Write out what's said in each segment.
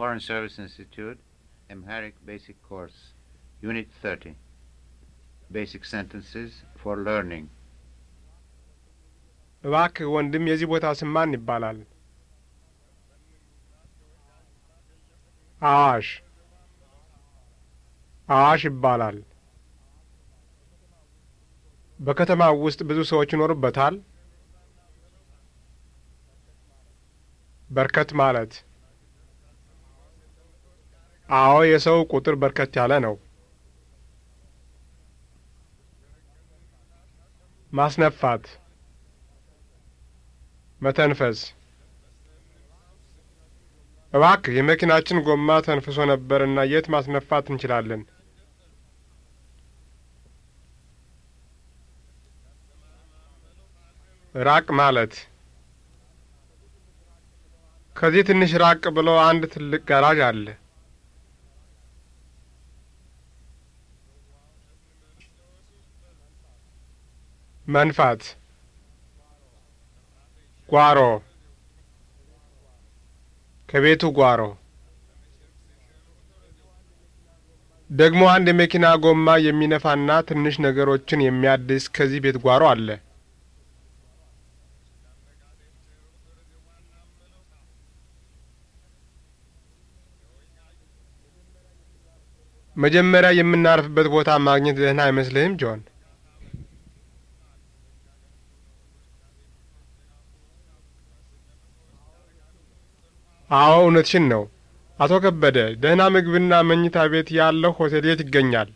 Foreign Service Institute, Amharic Basic Course, Unit 30, Basic Sentences for Learning. እባክህ ወንድም የዚህ ቦታ ስም ማን ይባላል? አዋሽ አዋሽ ይባላል። በከተማው ውስጥ ብዙ ሰዎች ይኖሩበታል? በርከት ማለት አዎ የሰው ቁጥር በርከት ያለ ነው። ማስነፋት፣ መተንፈስ። እባክህ የመኪናችን ጎማ ተንፍሶ ነበር እና የት ማስነፋት እንችላለን? ራቅ ማለት ከዚህ ትንሽ ራቅ ብሎ አንድ ትልቅ ጋራዥ አለ። መንፋት ጓሮ ከቤቱ ጓሮ ደግሞ አንድ የመኪና ጎማ የሚነፋና ትንሽ ነገሮችን የሚያድስ ከዚህ ቤት ጓሮ አለ። መጀመሪያ የምናርፍበት ቦታ ማግኘት ደህና አይመስልህም ጆን? አዎ እውነትሽን ነው አቶ ከበደ። ደህና ምግብና መኝታ ቤት ያለው ሆቴል የት ይገኛል?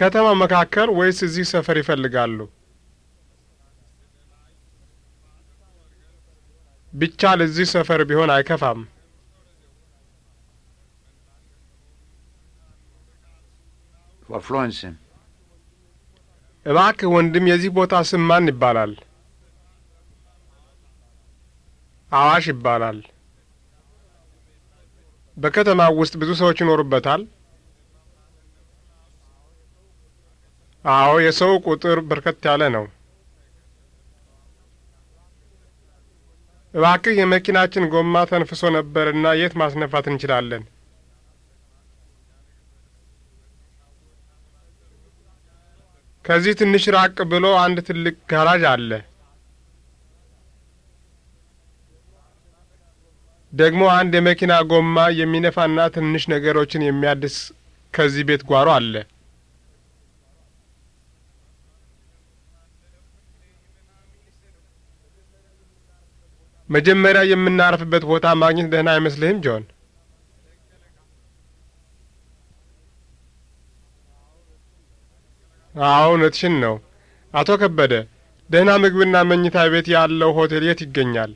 ከተማ መካከል ወይስ እዚህ ሰፈር ይፈልጋሉ? ቢቻል እዚህ ሰፈር ቢሆን አይከፋም። ፍሎንስን እባክህ ወንድም የዚህ ቦታ ስም ማን ይባላል? አዋሽ ይባላል። በከተማው ውስጥ ብዙ ሰዎች ይኖሩበታል? አዎ፣ የሰው ቁጥር በርከት ያለ ነው። እባክህ የመኪናችን ጎማ ተንፍሶ ነበርና የት ማስነፋት እንችላለን? ከዚህ ትንሽ ራቅ ብሎ አንድ ትልቅ ጋራዥ አለ። ደግሞ አንድ የመኪና ጎማ የሚነፋና ትንሽ ነገሮችን የሚያድስ ከዚህ ቤት ጓሮ አለ። መጀመሪያ የምናርፍበት ቦታ ማግኘት ደህና አይመስልህም ጆን? አዎ እውነትሽን ነው። አቶ ከበደ ደህና ምግብና መኝታ ቤት ያለው ሆቴል የት ይገኛል?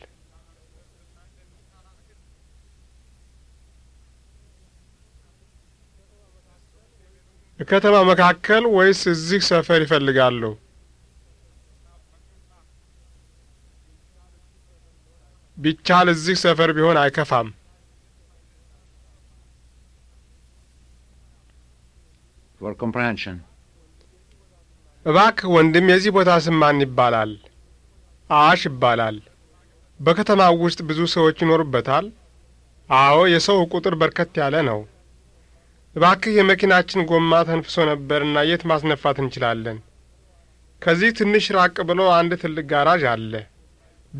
ከተማ መካከል ወይስ እዚህ ሰፈር ይፈልጋሉ? ቢቻል እዚህ ሰፈር ቢሆን አይከፋም። ፎር ኮምፕሬንሽን እባክህ ወንድም የዚህ ቦታ ስም ማን ይባላል? አሽ ይባላል። በከተማው ውስጥ ብዙ ሰዎች ይኖሩበታል? አዎ፣ የሰው ቁጥር በርከት ያለ ነው። እባክህ የመኪናችን ጎማ ተንፍሶ ነበርና የት ማስነፋት እንችላለን? ከዚህ ትንሽ ራቅ ብሎ አንድ ትልቅ ጋራዥ አለ።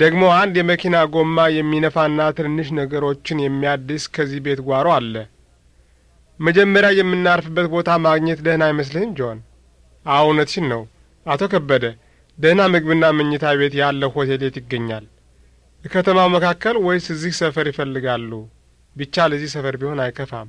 ደግሞ አንድ የመኪና ጎማ የሚነፋና ትንንሽ ነገሮችን የሚያድስ ከዚህ ቤት ጓሮ አለ። መጀመሪያ የምናርፍበት ቦታ ማግኘት ደህና አይመስልህም ጆን? አዎ እውነትሽን ነው አቶ ከበደ። ደህና ምግብና መኝታ ቤት ያለው ሆቴል የት ይገኛል? ከተማው መካከል ወይስ እዚህ ሰፈር ይፈልጋሉ? ብቻ ለዚህ ሰፈር ቢሆን አይከፋም።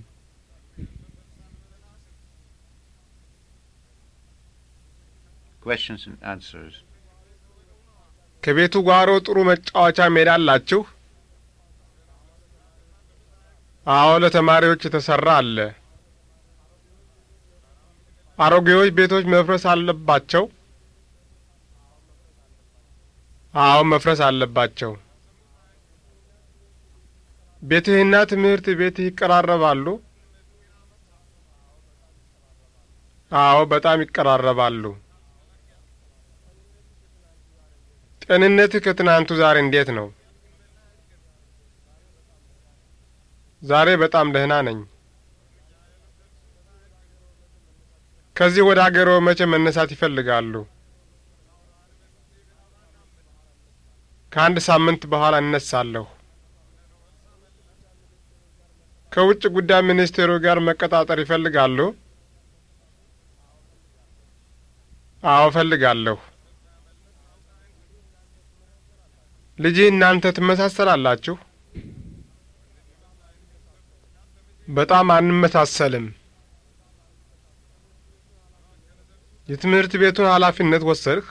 ከቤቱ ጓሮ ጥሩ መጫወቻ ሜዳ አላችሁ? አዎ፣ ለተማሪዎች የተሰራ አለ። አሮጌዎች ቤቶች መፍረስ አለባቸው? አዎ መፍረስ አለባቸው። ቤትህና ትምህርት ቤት ይቀራረባሉ? አዎ በጣም ይቀራረባሉ። ጤንነትህ ከትናንቱ ዛሬ እንዴት ነው? ዛሬ በጣም ደህና ነኝ። ከዚህ ወደ አገሮ መቼ መነሳት ይፈልጋሉ? ከአንድ ሳምንት በኋላ እነሳለሁ። ከውጭ ጉዳይ ሚኒስቴሩ ጋር መቀጣጠር ይፈልጋሉ? አዎ እፈልጋለሁ። ልጅህ እናንተ ትመሳሰላላችሁ? በጣም አንመሳሰልም። የትምህርት ቤቱን ኃላፊነት ወሰድህ?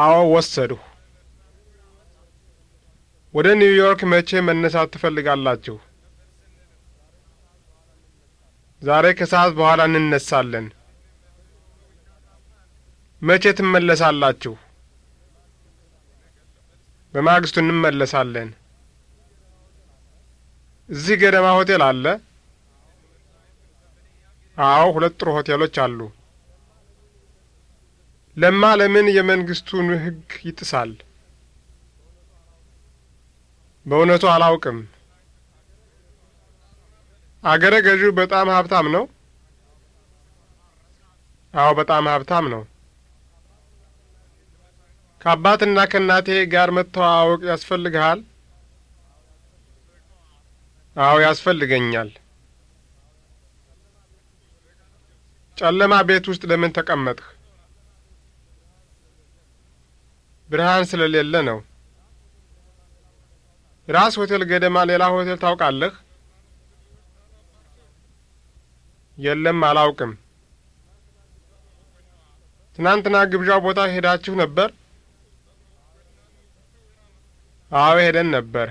አዎ ወሰድሁ። ወደ ኒውዮርክ መቼ መነሳት ትፈልጋላችሁ? ዛሬ ከሰዓት በኋላ እንነሳለን። መቼ ትመለሳላችሁ? በማግስቱ እንመለሳለን። እዚህ ገደማ ሆቴል አለ? አዎ፣ ሁለት ጥሩ ሆቴሎች አሉ። ለማ ለምን የመንግስቱን ህግ ይጥሳል? በእውነቱ አላውቅም። አገረ ገዢው በጣም ሀብታም ነው? አዎ፣ በጣም ሀብታም ነው። ከአባትና ከእናቴ ጋር መተዋወቅ ያስፈልግሃል? አዎ፣ ያስፈልገኛል። ጨለማ ቤት ውስጥ ለምን ተቀመጥህ? ብርሃን ስለሌለ ነው። ራስ ሆቴል ገደማ ሌላ ሆቴል ታውቃለህ? የለም፣ አላውቅም። ትናንትና ግብዣ ቦታ ሄዳችሁ ነበር? አዎ ሄደን ነበር።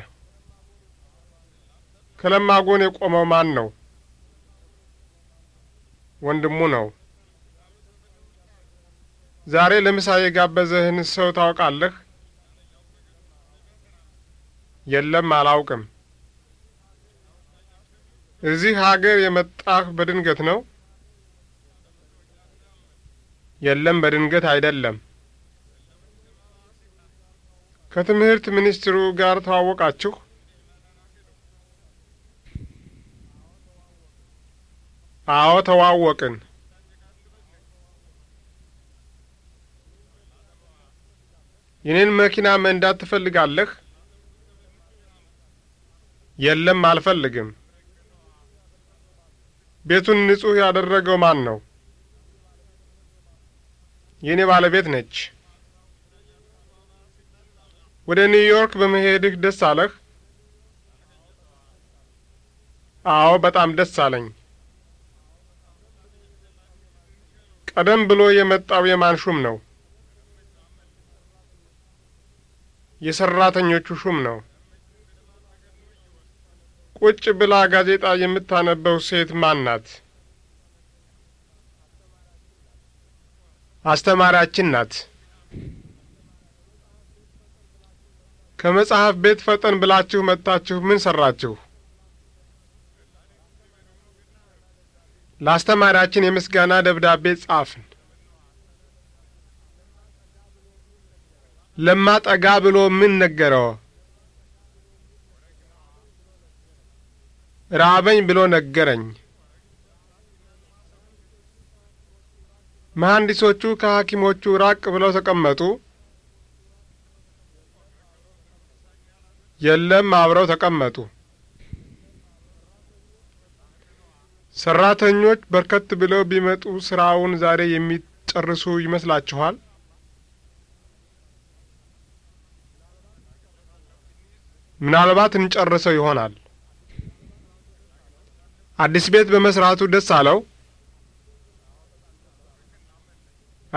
ከለማ ጎን የቆመው ማን ነው? ወንድሙ ነው። ዛሬ ለምሳ የጋበዘህን ሰው ታውቃለህ? የለም፣ አላውቅም። እዚህ ሀገር የመጣህ በድንገት ነው? የለም፣ በድንገት አይደለም። ከትምህርት ሚኒስትሩ ጋር ተዋወቃችሁ? አዎ ተዋወቅን። የኔን መኪና መንዳት ትፈልጋለህ? የለም አልፈልግም። ቤቱን ንጹህ ያደረገው ማን ነው? የእኔ ባለቤት ነች። ወደ ኒውዮርክ በመሄድህ ደስ አለህ? አዎ በጣም ደስ አለኝ። ቀደም ብሎ የመጣው የማን ሹም ነው? የሰራተኞቹ ሹም ነው። ቁጭ ብላ ጋዜጣ የምታነበው ሴት ማን ናት? አስተማሪያችን ናት። ከመጽሐፍ ቤት ፈጠን ብላችሁ መጥታችሁ ምን ሰራችሁ? ለአስተማሪያችን የምስጋና ደብዳቤ ጻፍን። ለማ ጠጋ ብሎ ምን ነገረው? ራበኝ ብሎ ነገረኝ። መሐንዲሶቹ ከሐኪሞቹ ራቅ ብለው ተቀመጡ። የለም፣ አብረው ተቀመጡ። ሰራተኞች በርከት ብለው ቢመጡ ስራውን ዛሬ የሚጨርሱ ይመስላችኋል? ምናልባት እንጨርሰው ይሆናል። አዲስ ቤት በመስራቱ ደስ አለው?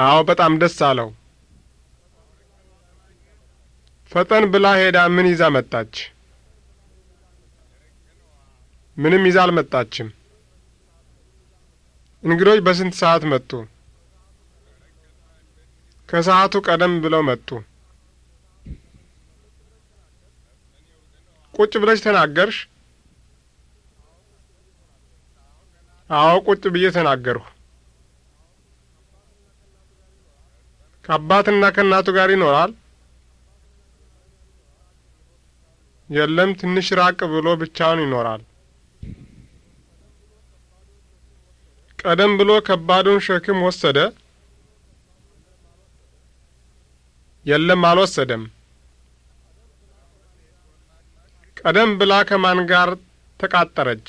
አዎ፣ በጣም ደስ አለው። ፈጠን ብላ ሄዳ ምን ይዛ መጣች? ምንም ይዛ አልመጣችም። እንግዶች በስንት ሰዓት መጡ? ከሰዓቱ ቀደም ብለው መጡ። ቁጭ ብለሽ ተናገርሽ? አዎ ቁጭ ብዬ ተናገርሁ። ከአባትና ከእናቱ ጋር ይኖራል? የለም፣ ትንሽ ራቅ ብሎ ብቻውን ይኖራል። ቀደም ብሎ ከባዱን ሸክም ወሰደ? የለም፣ አልወሰደም። ቀደም ብላ ከማን ጋር ተቃጠረች?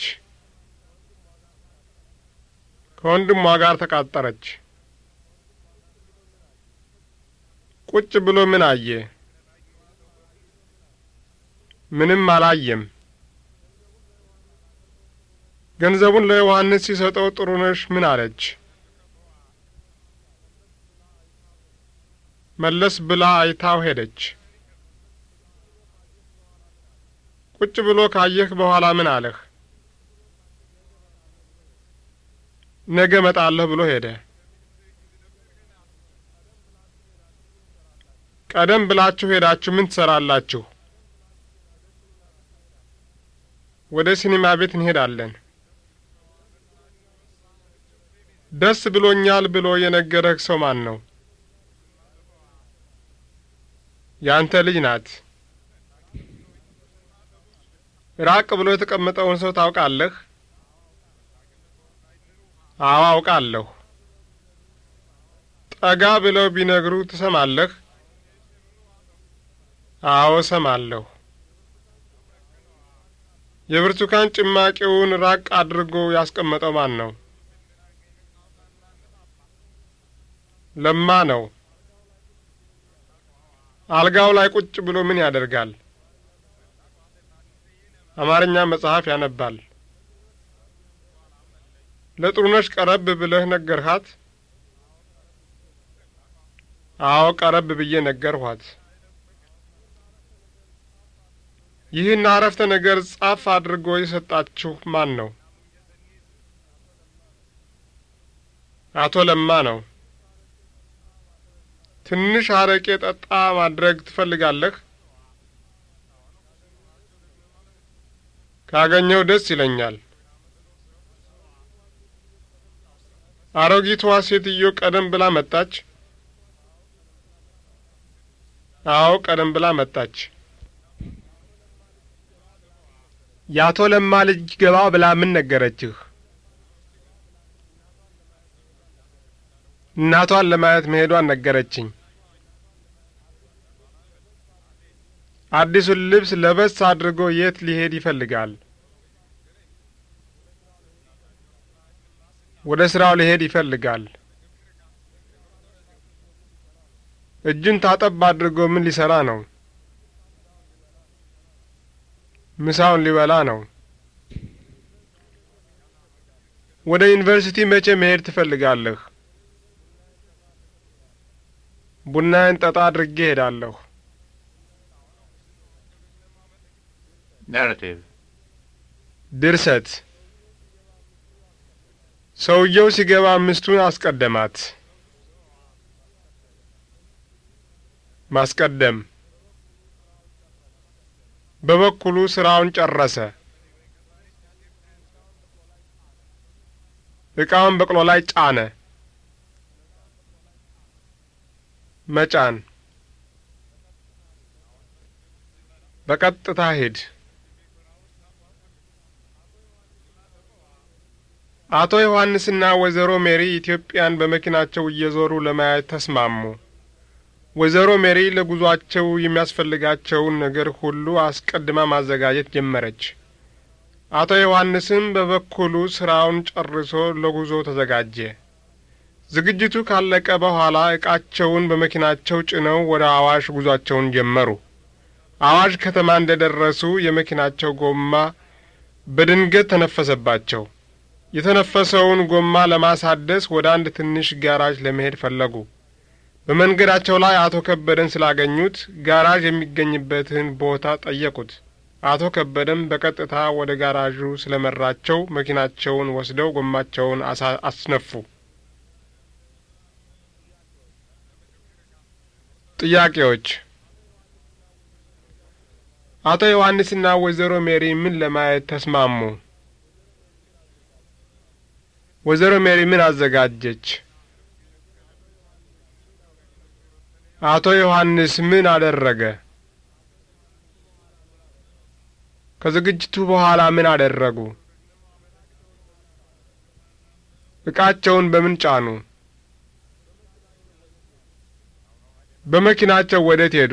ከወንድሟ ጋር ተቃጠረች። ቁጭ ብሎ ምን አየ? ምንም አላየም። ገንዘቡን ለዮሐንስ ሲሰጠው ጥሩነሽ ምን አለች? መለስ ብላ አይታው ሄደች። ቁጭ ብሎ ካየህ በኋላ ምን አለህ? ነገ መጣለህ ብሎ ሄደ። ቀደም ብላችሁ ሄዳችሁ ምን ትሰራላችሁ? ወደ ሲኒማ ቤት እንሄዳለን። ደስ ብሎኛል ብሎ የነገረህ ሰው ማን ነው? ያንተ ልጅ ናት። ራቅ ብሎ የተቀመጠውን ሰው ታውቃለህ? አዎ አውቃለሁ። ጠጋ ብለው ቢነግሩ ትሰማለህ? አዎ እሰማለሁ። የብርቱካን ጭማቂውን ራቅ አድርጎ ያስቀመጠው ማን ነው? ለማ ነው። አልጋው ላይ ቁጭ ብሎ ምን ያደርጋል? አማርኛ መጽሐፍ ያነባል። ለጥሩነሽ ቀረብ ብለህ ነገርሃት? አዎ ቀረብ ብዬ ነገርኋት። ይህን አረፍተ ነገር ጻፍ አድርጎ የሰጣችሁ ማን ነው? አቶ ለማ ነው። ትንሽ አረቄ ጠጣ ማድረግ ትፈልጋለህ? ካገኘው ደስ ይለኛል። አሮጊቷ ሴትዮ ቀደም ብላ መጣች። አዎ ቀደም ብላ መጣች። የአቶ ለማ ልጅ ገባ ብላ ምን ነገረችህ? እናቷን ለማየት መሄዷን ነገረችኝ። አዲሱን ልብስ ለበስ አድርጎ የት ሊሄድ ይፈልጋል? ወደ ስራው ሊሄድ ይፈልጋል። እጁን ታጠብ አድርጎ ምን ሊሰራ ነው? ምሳውን ሊበላ ነው። ወደ ዩኒቨርሲቲ መቼ መሄድ ትፈልጋለህ? ቡናዬን ጠጣ አድርጌ ሄዳለሁ። ናራቲቭ ድርሰት ሰውየው ሲገባ ሚስቱን አስቀደማት። ማስቀደም በበኩሉ ስራውን ጨረሰ። እቃውን በቅሎ ላይ ጫነ። መጫን በቀጥታ ሂድ። አቶ ዮሐንስና ወይዘሮ ሜሪ ኢትዮጵያን በመኪናቸው እየዞሩ ለማየት ተስማሙ። ወይዘሮ ሜሪ ለጉዟቸው የሚያስፈልጋቸውን ነገር ሁሉ አስቀድማ ማዘጋጀት ጀመረች። አቶ ዮሐንስም በበኩሉ ስራውን ጨርሶ ለጉዞ ተዘጋጀ። ዝግጅቱ ካለቀ በኋላ ዕቃቸውን በመኪናቸው ጭነው ወደ አዋሽ ጉዟቸውን ጀመሩ። አዋሽ ከተማ እንደ ደረሱ የመኪናቸው ጎማ በድንገት ተነፈሰባቸው። የተነፈሰውን ጎማ ለማሳደስ ወደ አንድ ትንሽ ጋራዥ ለመሄድ ፈለጉ። በመንገዳቸው ላይ አቶ ከበደን ስላገኙት ጋራዥ የሚገኝበትን ቦታ ጠየቁት። አቶ ከበደም በቀጥታ ወደ ጋራዡ ስለመራቸው መኪናቸውን ወስደው ጎማቸውን አስነፉ። ጥያቄዎች አቶ ዮሐንስና ወይዘሮ ሜሪ ምን ለማየት ተስማሙ? ወይዘሮ ሜሪ ምን አዘጋጀች? አቶ ዮሐንስ ምን አደረገ? ከዝግጅቱ በኋላ ምን አደረጉ? ዕቃቸውን በምን ጫኑ? በመኪናቸው ወዴት ሄዱ?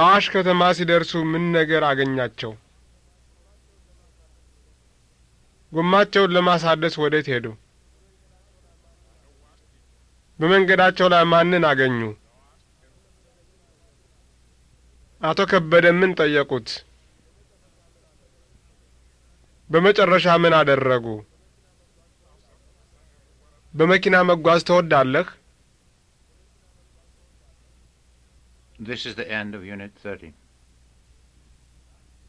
አዋሽ ከተማ ሲደርሱ ምን ነገር አገኛቸው? ጎማቸውን ለማሳደስ ወዴት ሄዱ? በመንገዳቸው ላይ ማንን አገኙ? አቶ ከበደ ምን ጠየቁት? በመጨረሻ ምን አደረጉ? በመኪና መጓዝ ትወዳለህ? This is the end of Unit 30.